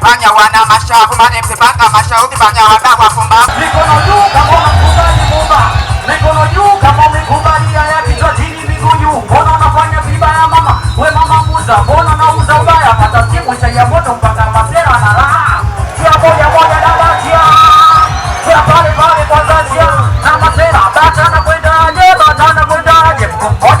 Panya wana mashavu mane msipanga mashauri panya wana wafumba. Mikono juu kama unakubali Muumba. Mikono juu kama umekubali hayati kwa chini miguu juu. Mbona unafanya vibaya mama? We mama muza, mbona unauza ubaya? Hata simu cha ya moto mpaka masera na raha. Kia moja moja na batia. Kia pale pale kwa zatia. Na masera, batana kwenda aje, batana kwenda aje. Mkoja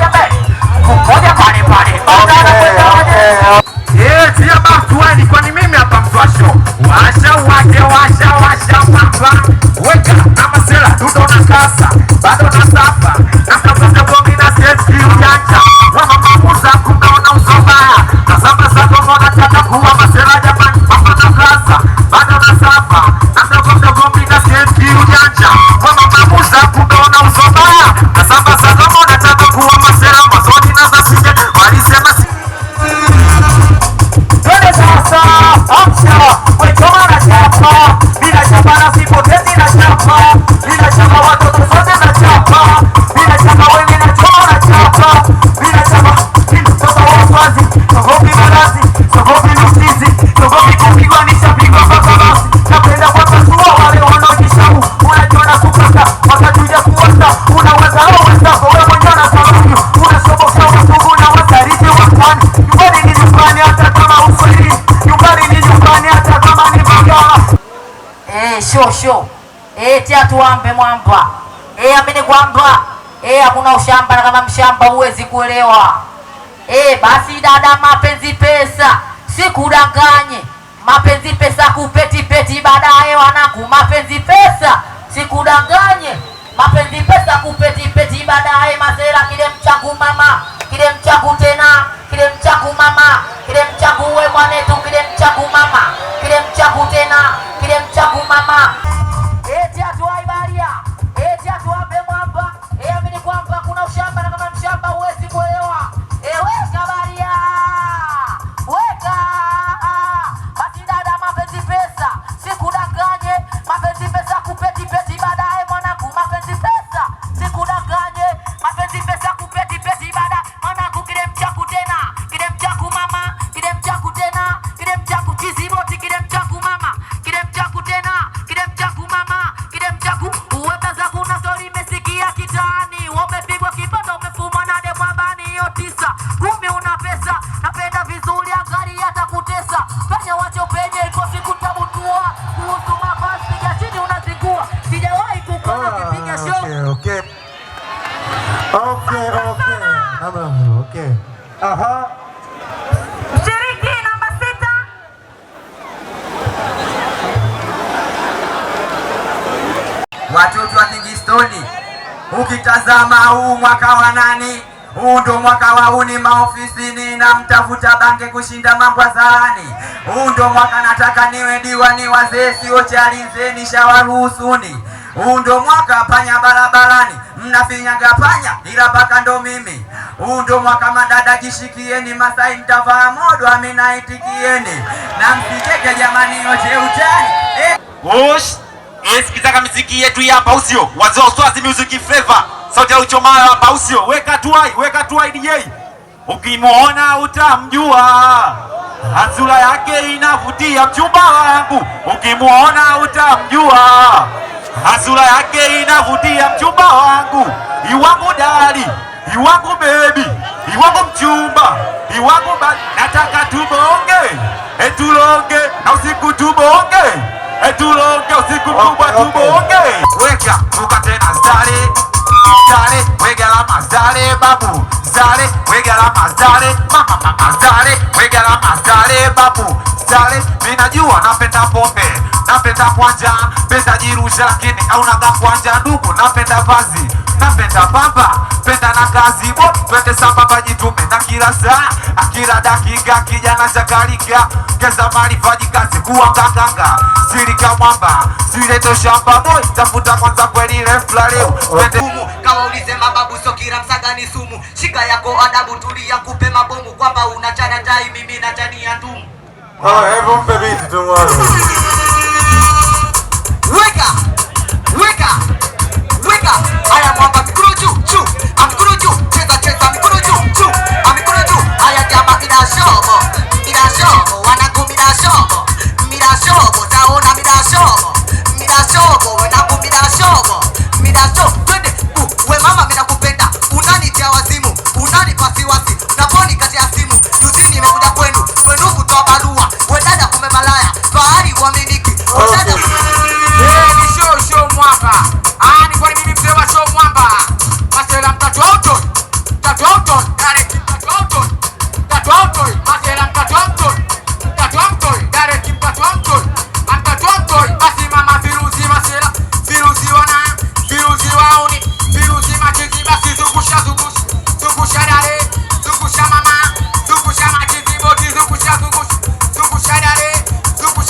siasa na chapa, bila na sipotezi na chapa, bila watoto zote na chapa, bila chapa na choma na chapa, bila chapa mtoto wa wazi, wale wanaojishamu, unajiona kupata, wakatuja kuota, unaweza au wenzako shosho eti eh, atuambe mwamba e, amini kwamba e, hakuna ushamba na kama mshamba huwezi kuelewa e. Basi dada, mapenzi pesa, sikudanganye mapenzi pesa kupetipeti, baadaye wanaku mapenzi pesa, sikudanganye mapenzi pesa kupetipeti, baadaye mazera kile mchaku mama kile mchaku tena kile mchaku mama kile mchaku we mwanetu kile mchaku mama kile mchaku tena 妈妈。wa Kingstoni. Ukitazama huu mwaka wa nani, huu ndo mwaka wa uni maofisini na mtafuta bange kushinda mambo zaani. Huu ndo mwaka nataka niwe diwani, wazee sio chalinzeni, shawaruhusuni. Huu ndo mwaka panya barabarani mnafinyaga panya ila paka ndo mimi. Huu ndo mwaka madada jishikieni, Masai mtavaa modo, aminaitikieni na msicheke jamani, yote utani eh. Sikitaka miziki yetu hapa usio wazo swazi music flavor sauti ya uchomara hapa usio weka tuai weka tuai DJ ukimwona utamjua asula yake inavutia mchumba wangu ukimwona utamjua asula yake inavutia mchumba wangu iwangu dali iwangu baby iwangu mchumba iwangu nataka tubonge etulonge eh, na usiku tubonge Etulonge usiku kubwa tubonge, weka tuka tena stari Zare, wegela mazare babu. Zare, wegela mazare mama mama. Zare, wegela mazare babu. Zare, minajua napenda pombe, napenda kwanja, penda jirusha lakini hauna ga kwanja ndugu, napenda vazi, napenda baba, penda na kazi bo, twende sambamba jitume na kila saa, akila dakika kijana chakalika, keza mali faji kazi kuwa nganganga, siri kamwamba, siri shamba boy, tafuta kwanza kweli lefla leo, twende sumu, kawaulize mababu sokira msagani sumu, shika yako adabu, tulia kupe mabomu, kwamba unachana tai, mimi na tania ndumu. Hebu mpe biti tumwone.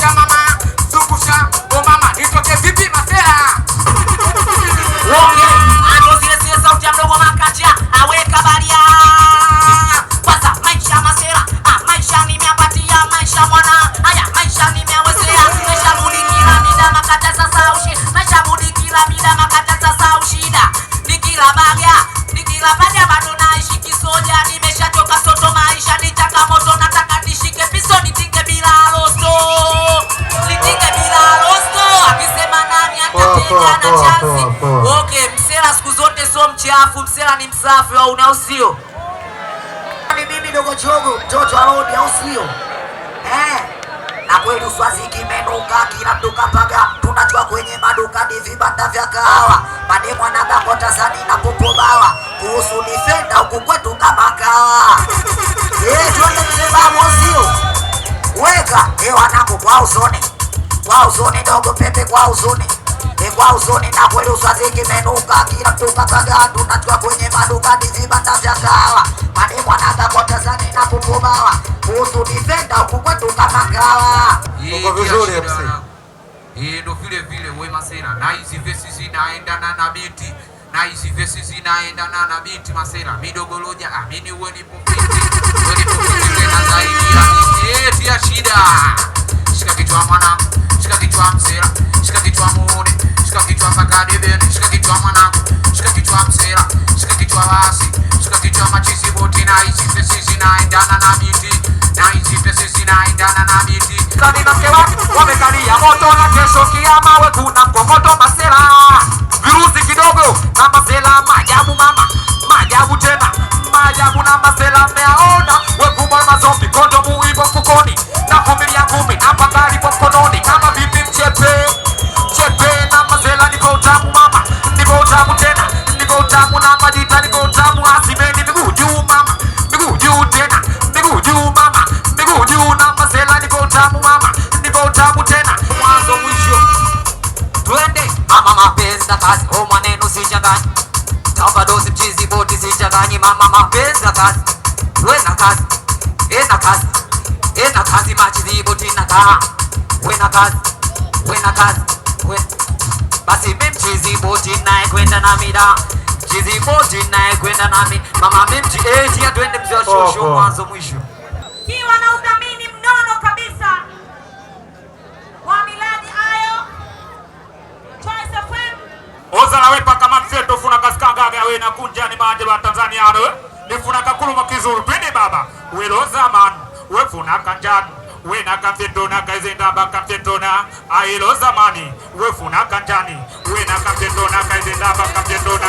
kusha mama, tukusha, oh mama, nitoke vipi masela. Wonge poa, Okay, msela siku zote sio mchafu, msela ni msafi au unao sio? Ni mimi ndogo chogo mtoto aoni au sio? Eh, na kweli uswazi kimenuka kila mduka paga, tunajua kwenye maduka ni vibanda vya kahawa mademu anabakota sani na popobawa kuhusu nifenda huku kwetu kama kawa eh, tuende msebamo sio? Weka hewa eh, nako kwa uzone, kwa uzone dogo pepe, kwa uzone wa usoni na kweli usadhiki menuka, kila mtu kakagaa, tunachukua kwenye maduka vizibanda vya kahawa, mane mwanaka kwa Tanzania na kukubawa kuhusu defender huku kwetu kama kawa. Eh, ndo vile vile Wema Sera na hizi verses zinaendana na biti na hizi verses zinaendana na biti Masera midogoloja amini uwe nipo fiti uwe nipo fiti na zaidi ya shida shika kichwa mwana shika kichwa msera, shika kichwa muone, shika kichwa pakadebeni, shika kichwa mwanangu, shika kichwa msera, shika kichwa wasi, shika kichwa machizi wote na hizi pesi zinaendana na miti, na hizi pesi zinaendana na miti. Kani na mke wako wamekalia moto na kesho kiama we kuna mkokoto masera. Virusi kidogo na masela maajabu mama, maajabu tena, maajabu na masela mmeaona. zangu na majitani kontamu asibendi miguu juu mama, miguu juu tena, miguu juu mama, miguu juu namba sela niko tamu mama, niko tamu tena, mwanzo mwisho, twende mama, mapenzi na kazi, o oh, maneno sichangani, tabadosi mchizi boti sichangani, mama, mapenzi na kazi, we na kazi, e na kazi, e na kazi, machizi boti na kaa, we na kazi, we na kazi MTA twende mzee wa shosho mwanzo mwisho. Kiwa na udhamini mnono kabisa wa Choice FM. Oza na wepa kama na kunja ni maji wa Tanzania ndo. funa kakulu makizuru pende baba. Weloza man. funa kanjani wena kamtetona kaizendaba kamtetona ailo zamani wefuna kantani wena kamtetona kaizendaba kamtetona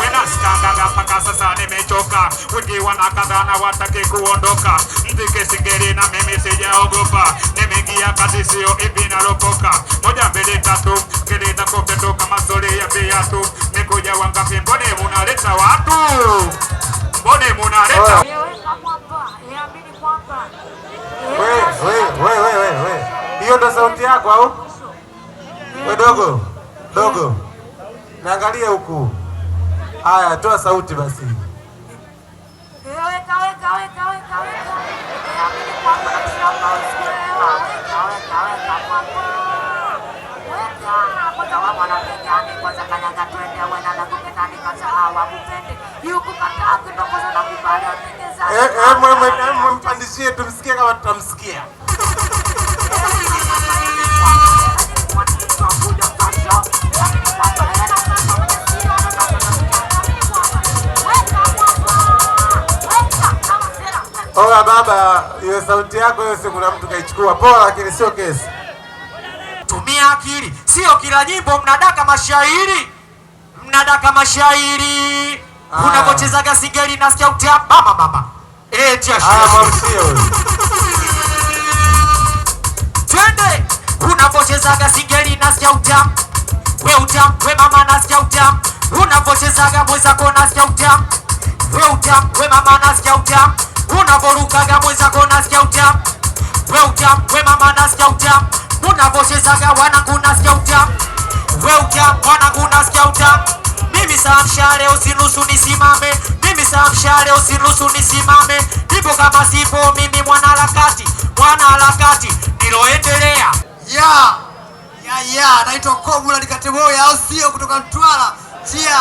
wena sikangaga mpaka sasa nimechoka wengi wanakadhana watake kuondoka mzike sigeri na mimi sijaogopa nimeingia kazi sio hivi naropoka moja mbili tatu keleta kofeto kama zole ya viatu nikuja wangapi mbone munaleta watu mbone munaleta hiyo ndo sauti yako au? We dogo dogo, naangalia huku. Haya, toa sauti basi. Mpandisie tumsikie kama tutamsikia. Ola baba, hiyo sauti yako hiyo, si kuna mtu kaichukua. Poa, lakini sio kesi kutumia akili, sio kila nyimbo mnadaka mashairi, mnadaka mashairi ah. Unavyochezaga sigeli nasikia utia baba mama eh, tia ah, twende. Unavyochezaga sigeli nasikia utia we utia we mama na nasikia utia. Unavyochezaga mwezako nasikia utia we utia we mama na nasikia utia. Unavorukaga mwezako nasikia utia we utia we mama na nasikia utia unavoshezaga wanangu, nasikia utamu, we utamu wanangu, nasikia utamu mimi. Samsha leo sinusu nisimame, mimi samsha leo sinusu nisimame, ndipo kama sipo mimi mwanaharakati, mwanaharakati niloendelea ya ya ya, naitwa Kobula Nikateboya, au sio? Kutoka Mtwara chia,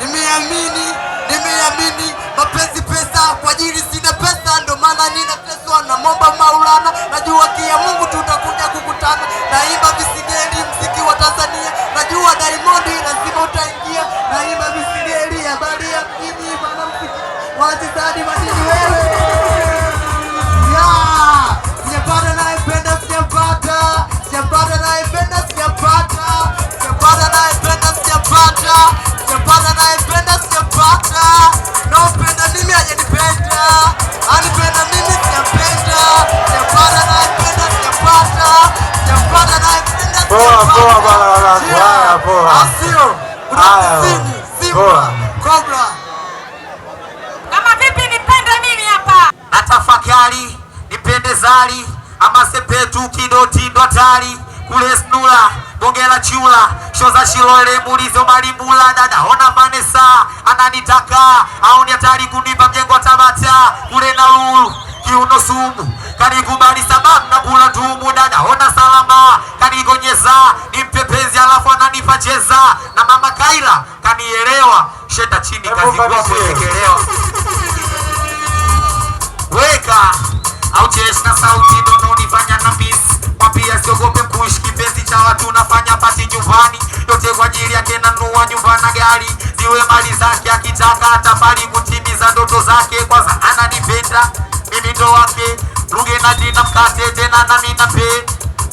nimeamini nimeamini mapenzi pesa, kwa ajili sina pesa, ndo maana ninateswa na momba Maulana, najua kia Mungu tutakuja kukutana, naimba visigeli mziki wa Tanzania. hata nampenda mimi hajanipenda, anipenda mimi sijampenda, sijapata anayependa sijapata, sijapata anayependa asio kunakusini Simba Kobra. Kama vipi nipende mimi hapa, natafakari nipende Zari ama Sepetu Kido Tindo Tari kule Snura Bongela chula shoza shilole mulizo malibula dada ona manesa ananitaka au ni hatari kunipa mjengo Tabata kule na lulu kiuno sumu kanikubali sababu na kula tumu dada ona salama kanikonyeza ni mpepezi alafu ananipa na mama Kaila kanielewa sheta chini kazi kwako sikelewa weka au cheza sauti dono nifanya na miss wapia siogope tunafanya pasi nyumbani, yote kwa ajili yake, nanunua nyumba na gari, ziwe mali zake, akitaka atafali kutimiza ndoto zake. kwa Kwanza ananipenda mimi, ndo wake ruge na jina mkate tena, nami nape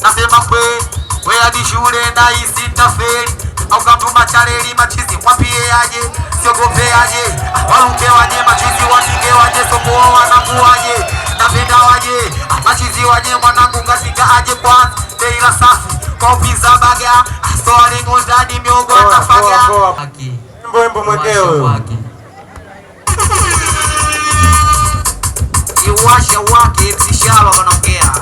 nasema kwe we hadi shule na isi tafeli au katuma machareli machizi mwambie aje, siogope aje, waruke waje, machizi washike waje, sokoa wanakuaje, napenda waje, machizi waje, mwanangu ngasika aje kwanza, Dei Safi kopi za baga asoaringozadi miogo atafaga mbwembo mwenyewe iwasha wake msishalo wanaongea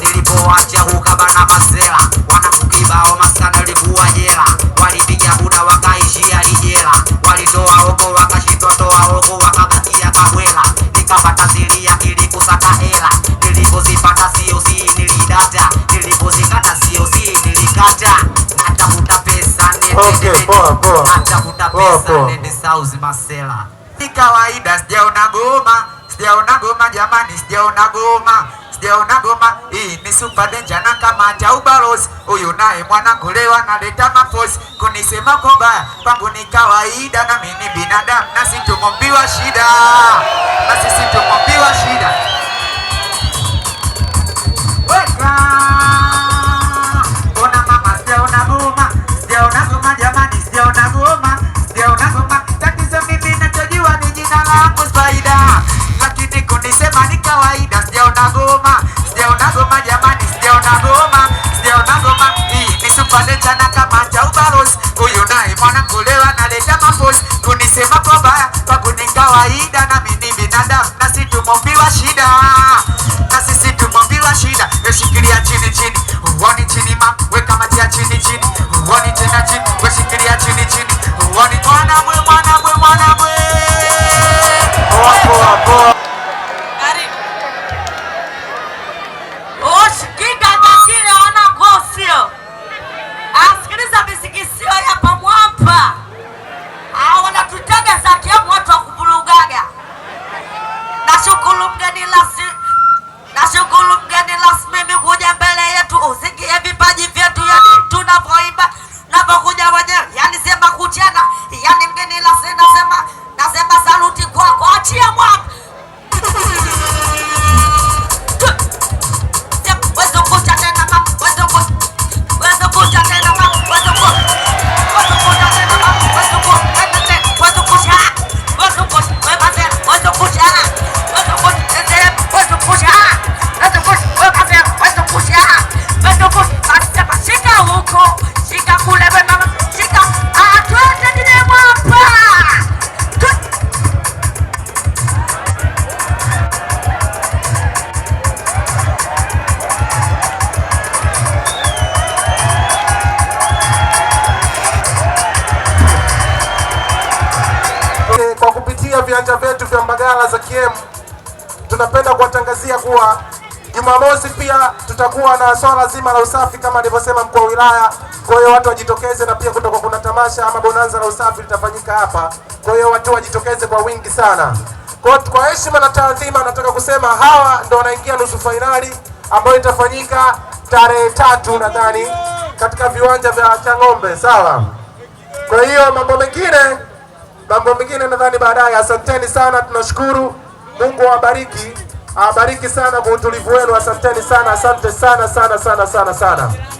nilipowacha hukabana masela wanakukibao maskana livuwa jela walipiga huda wakaishia ijela walitoa ogo wakashindwa toa ogo wakabakia kabwela nikapata siri ya ili kusaka hela nilipozipata siosii nilidata atafuta pesa nende sauzi masela. Si kawaida, sijaona goma, sijaona goma jamani, sijaona goma, sijaona goma. Hii ni super danger na kamata ubalozi huyu naye mwanangu leo analeta maposi kunisema kwa baya pangu ni kawaida, na mimi binadamu, nasi tumombiwa shida, nasi situmombiwa shida matia chini chini, uone chini ma, weka matia chini chini, uone tena chini CCM tunapenda kuwatangazia kuwa Jumamosi pia tutakuwa na swala zima la usafi kama alivyosema mkuu wa wilaya. Kwa hiyo watu wajitokeze, na pia kutakuwa kuna tamasha ama bonanza la usafi litafanyika hapa. Kwa hiyo watu wajitokeze kwa wingi sana. Kwa kwa heshima na taadhima, nataka kusema hawa ndo wanaingia nusu fainali ambayo itafanyika tarehe tatu nadhani katika viwanja vya Chang'ombe, sawa. Kwa hiyo mambo mengine mambo mengine nadhani baadaye. Asanteni sana, tunashukuru. Mungu awabariki, awabariki sana kwa utulivu wenu. Asanteni sana, asante sana sana sana sana sana.